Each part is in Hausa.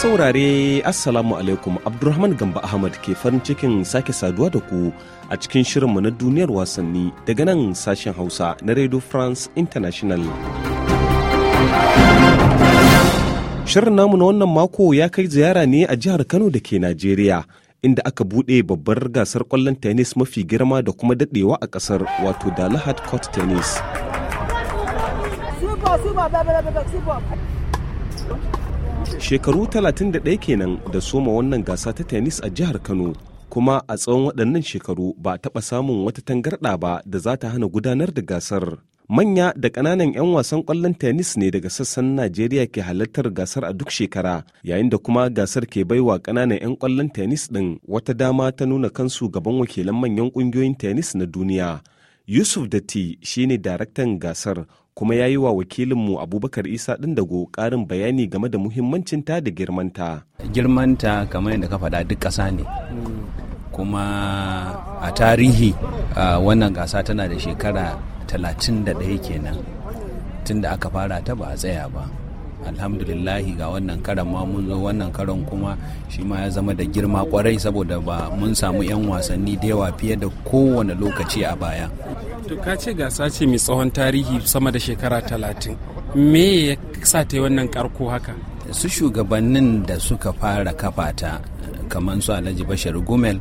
saurare Assalamu alaikum Abdulrahman Gamba Ahmad ke farin cikin sake saduwa da ku a cikin shirinmu na duniyar wasanni daga nan sashen Hausa na Radio France International. Shirin namu na wannan mako ya kai ziyara ne a jihar Kano da ke Najeriya. inda aka buɗe babbar gasar kwallon tennis mafi girma da kuma dadewa a kasar wato dalahat court tennis. shekaru 31 kenan da soma wannan gasa ta tenis a jihar kano kuma a tsawon waɗannan shekaru ba taɓa samun wata tangarɗa ba da za ta hana gudanar da gasar manya da ƙananan 'yan wasan ƙwallon tennis ne daga sassan najeriya ke halartar gasar a duk shekara yayin da kuma gasar ke baiwa ƙananan 'yan ƙwallon tennis ɗin wata dama ta nuna kansu gaban wakilan manyan ƙungiyoyin tennis na duniya Yusuf Datti shine daraktan gasar kuma ya yi wa wakilinmu Abubakar Isa dago karin bayani game da muhimmancinta da girmanta. Girmanta kamar yadda ka faɗa duk ƙasa ne. Kuma a tarihi wannan gasa tana da shekara 31 kenan tunda aka fara ta ba a tsaya ba. alhamdulillahi ga wannan karan ma mun zo wannan karan kuma shi ma ya zama da girma kwarai saboda ba mun samu 'yan wasanni da yawa fiye da kowane lokaci a baya to ka ce gasa ce mai tsohon tarihi sama da shekara talatin me ya sa ta yi wannan karko haka su shugabannin da suka fara kafa ta kamar su alhaji bashar gumel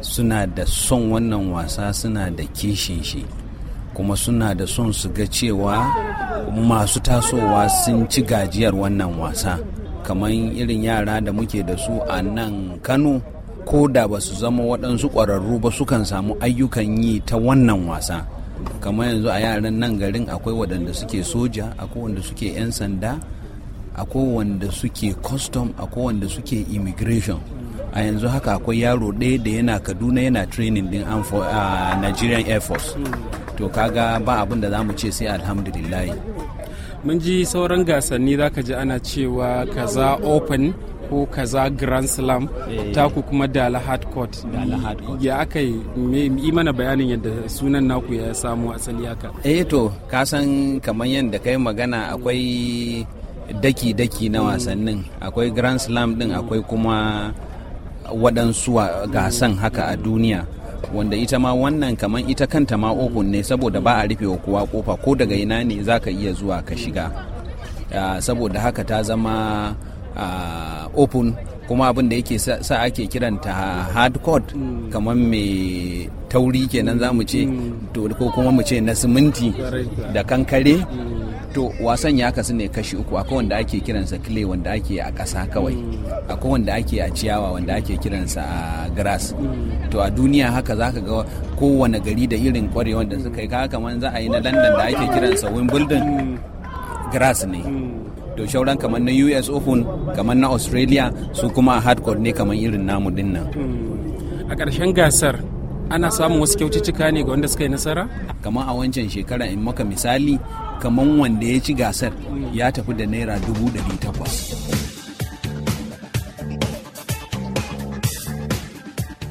suna da son wannan wasa suna da kishin shi kuma suna da son su ga cewa masu tasowa sun ci gajiyar wannan wasa kamar irin yara da muke da su a nan kano ko da ba su zama waɗansu ƙwararru ba sukan samu ayyukan yi ta wannan wasa kamar yanzu a yaran nan garin akwai waɗanda suke soja akwai wanda suke 'yan sanda akwai wanda suke custom akwai wanda suke immigration a yanzu haka akwai yaro ɗaya da yana kaduna yana training din a uh, nigerian air force to kaga ba abin da za mu ce sai alhamdulillah mun ji sauran gasanni za ka ji ana cewa kaza open ko kaza grand slam eh. ku kuma dala hard court ya aka yi mana bayanin yadda sunan naku ya samu asali haka eh to kasan kamar yadda kai magana akwai daki-daki na mm. wasannin akwai grand slam din akwai kuma waɗansu gasan haka a duniya wanda ita ma wannan kaman ita kanta ma open ne saboda ba a rufe wa kowa kofa ko daga ina ne za ka iya zuwa ka shiga saboda haka ta zama open kuma abin da yake sa ake kiranta hard code mm. kamar mai tauri kenan za mu ce mm. ko kuma mu ce na siminti da kankare mm. to wasan ya kasu ne kashi uku akwai wanda ake kiransa clay wanda ake a ƙasa kawai akwai wanda ake a ciyawa wanda ake kiransa a grass to a duniya haka za ka ga kowane gari da irin kwarewa da suka yi kaga kamar za a yi na london da ake kiransa wimbledon grass ne to shauran kamar na us open kamar na australia su kuma hardcore ne kamar irin namu nan. a ƙarshen gasar ana samun wasu kyaututtuka ne ga wanda suka yi nasara kamar a wancan shekara in maka misali kamar wanda ya ci gasar ya tafi da naira dubu ɗari takwas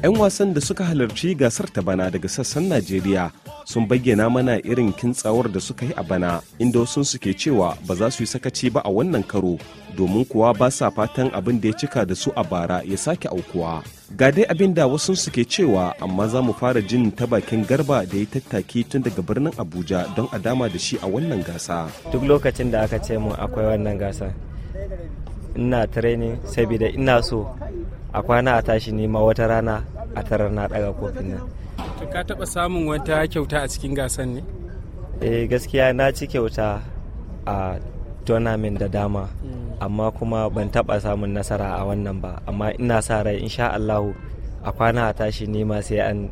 'yan wasan da suka halarci gasar ta bana daga sassan najeriya sun bayyana mana irin kintsawar da suka yi a bana inda wasu suke cewa ba za su yi sakaci ba a wannan karo domin kuwa ba sa fatan abin da ya cika da su a bara ya sake aukuwa ga dai abin da wasu suke cewa amma za mu fara jin ta bakin garba da ya tattaki tun daga birnin abuja don a dama da shi a wannan gasa duk lokacin da aka ce mu akwai wannan gasa ina training saboda ina so a kwana a tashi nema wata rana a tarar na daga kofin nan ka taba samun wata kyauta a cikin gasan ne eh gaskiya na ci kyauta a tournament da dama mm. amma kuma ban taɓa samun nasara a wannan ba amma ina sa rai insha Allah a kwana a tashi nema sai an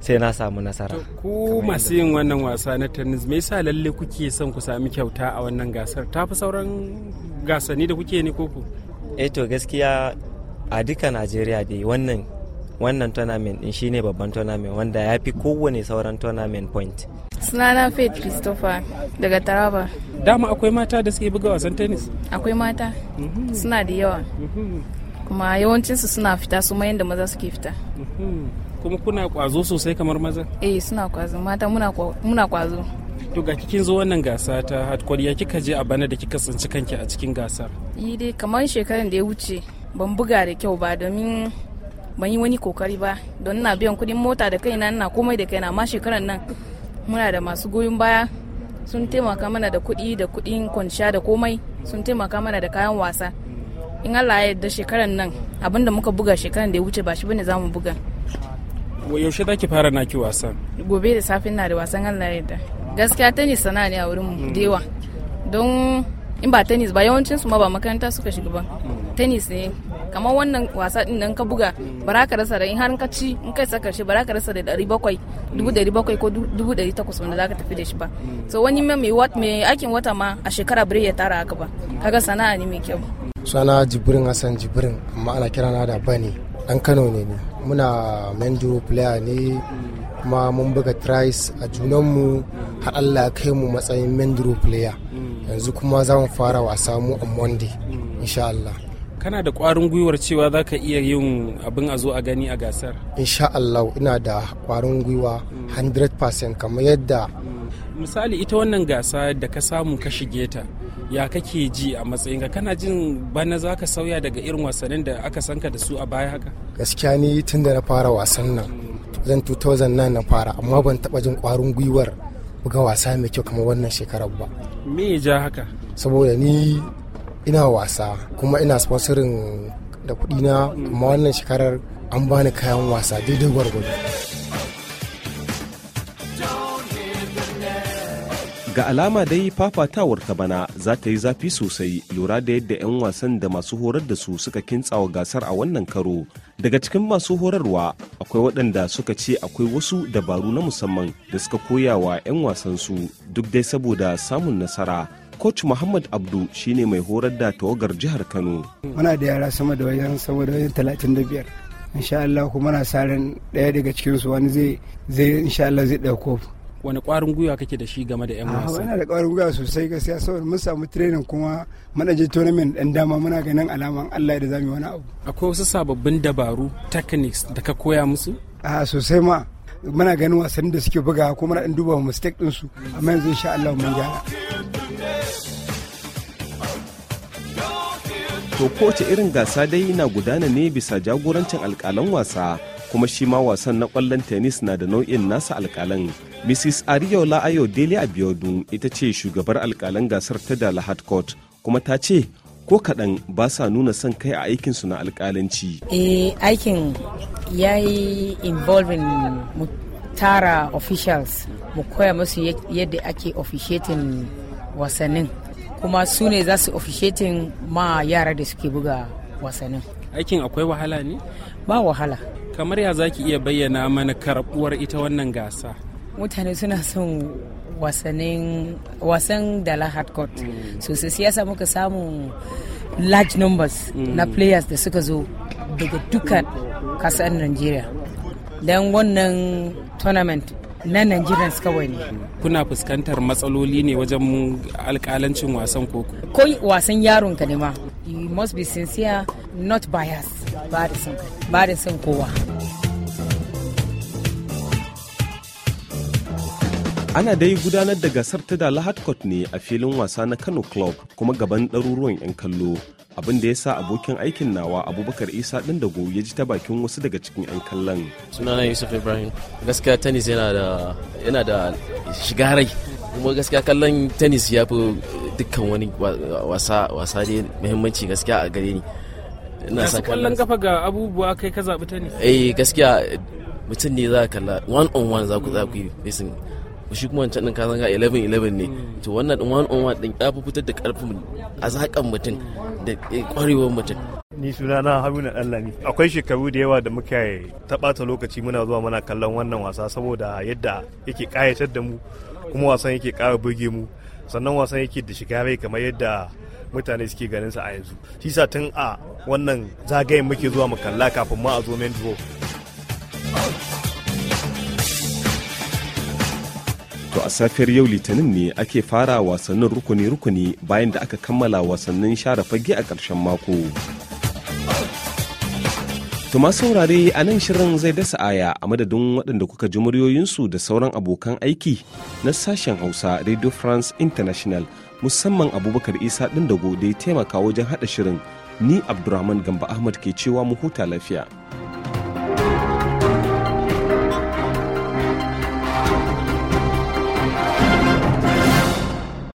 sai na samu nasara. Ku masu yin wannan wasa na tennis me yasa lalle kuke son ku sami kyauta a wannan gasar ta fi sauran gasani da kuke ne koko? Eh to gaskiya a duka Najeriya dai wannan wannan tournament din shine babban tournament wanda ya fi kowane sauran tournament point. sunana faith christopher daga taraba dama akwai mata da suke buga wasan tennis akwai mata mhm. suna da yawa mhm. kuma yawancinsu suna fita su ma yadda maza suke fita mhm. kuma kuna kwazo sosai kamar maza eh suna kwazo mata muna kwazo to ga kikin zo wannan gasa ta hardcore ya kika je a bana da kika tsinci kanki a cikin gasar yi dai kamar shekaran da ya wuce ban buga da kyau ba domin ban yi wani kokari ba don ina biyan kudin mota da kaina ina komai da kaina amma shekaran nan muna da masu goyon baya sun taimaka mana da kuɗi da kuɗin kwanciya da komai sun taimaka mana da kayan wasa in allah ya yarda shekaran nan abinda muka buga shekaran da ya wuce ba shi bane za mu buga yaushe za ki fara naki wasan gobe da safin na da wasan allah ya yarda gaskiya tennis sana'a ne a wurin mu da yawa don in ba tennis ba yawancin su ma ba makaranta suka shiga ba mm. tennis ne kamar wannan wasa din nan ka buga bara ka rasa da in har ka ci in kai saka shi bara ka rasa da 700 700 ko 800 wanda zaka tafi da shi ba so wani mai mai aikin wata ma a shekara bare ya tara haka ba kaga sana'a ne mai kyau sana jibrin hasan jibrin amma ana kirana da bane dan kano ne ne muna man-duro player ne kuma mun buga tries a junanmu har allah ya kai mu matsayin man-duro player yanzu kuma za mu fara wasa mu on monday insha allah kana da kwarin gwiwar cewa za ka iya yin abin a zo a gani a gasar insha Allah ina da kwarin gwiwa 100% mm. kamar yadda mm. misali ita wannan gasa da ka samu ka shige ta ya kake ji a matsayinka kana jin bana za ka sauya daga irin wasannin da aka sanka da su a baya haka gaskiya ni tun da na fara wasan nan mm. zan 2009 na fara amma ban taba jin kwarin gwiwar buga wasa mai kyau kamar wannan shekarar ba me ya ja haka saboda ni ina wasa kuma ina sponsorin da na amma wannan shekarar an bani kayan wasa daidai gwargwado ga alama dai fafatawar ta bana za ta yi zafi sosai lura da yadda 'yan wasan da masu horar da su suka kintsawa gasar a wannan karo daga cikin masu horarwa akwai waɗanda suka ce akwai wasu dabaru na musamman da suka koya wa 'yan su duk dai saboda samun nasara coach muhammad abdu shine mai horar da tawagar jihar kano muna da yara sama da wajen sama da wajen talatin da biyar insha allah kuma na sa ran daya daga cikin su wani zai zai insha allah zai dauko wani kwarin gwiwa kake da shi game da yan wasa ina da kwarin gwiwa sosai gaskiya saboda mun samu training kuma muna je tournament dan dama muna ganin alaman allah da zamu wani abu akwai wasu sababbin dabaru techniques da ka koya musu ah sosai ma muna ganin wasannin da suke buga kuma muna dan duba mistake din su amma yanzu insha allah mun gyara To kowace irin gasa dai na gudana ne bisa jagorancin alkalan wasa kuma shi ma wasan na kwallon tennis na da nau'in nasa alkalan. Mrs. Ariola Ayo Dele abiodu ita ce shugabar alkalan gasar ta da Court kuma ta ce ko kaɗan ba sa nuna son kai a aikinsu na alkalanci. Eh aikin ya yi involving mu tara officials mu koya musu yadda ake officiating wasannin kuma su ne za su ofishetin ma yara da suke buga wasannin aikin akwai wahala ne ba wahala kamar ya za ki iya bayyana mana karbuwar ita wannan gasa mutane suna son wasannin wasan dala hardcourt mm. so sai siyasa muka samu large numbers mm. na players da suka zo daga dukkan kasar nigeria don wannan tournament na Nigerians kawai ne. Kuna fuskantar matsaloli ne wajen alkalancin wasan koko? Ko wasan yaron ka ne ma. You must be sincere, not bias. Ba da son kowa. ana dai gudanar da gasar ta da lahat ne a filin wasa na kano club kuma gaban ɗaruruwan 'yan kallo abin da ya sa abokin aikin nawa abubakar isa ɗin da ya ji ta bakin wasu daga cikin 'yan kallon sunana yusuf ibrahim gaskiya tennis yana da yana da shiga rai kuma gaskiya kallon tennis ya fi dukkan wani wasa wasa ne muhimmanci gaskiya a gare ni ina sa kallon kafa ga abubuwa kai ka zaɓi tennis eh gaskiya mutum ne za ka kalla one on one za ku za ku yi shi kuma wancan ɗin ka zanga 11-11 ne hmm. to wannan ɗin one on one ɗin ya fi fitar da ƙarfin a zaƙan mutum da kwarewar mutum ni suna na haruna ɗanlami akwai shekaru da yawa da muka taɓata lokaci muna zuwa muna kallon wannan wasa saboda yadda yake ƙayatar da mu kuma wasan yake ƙara burge mu sannan wasan yake da shiga rai kamar yadda mutane suke ganin sa a yanzu shi sa tun a wannan zagayen muke zuwa mu kalla kafin ma a zo main draw To a safiyar yau litinin ne ake fara wasannin rukuni-rukuni bayan da aka kammala wasannin share fage a ƙarshen mako. Tuma saurare a nan shirin zai dasa aya a madadin waɗanda kuka ji muryoyinsu da sauran abokan aiki na sashen Hausa Radio France International musamman Abubakar Isa ɗin da ya taimaka wajen haɗa shirin ni abdulrahman Gamba Ahmad ke cewa mu huta lafiya.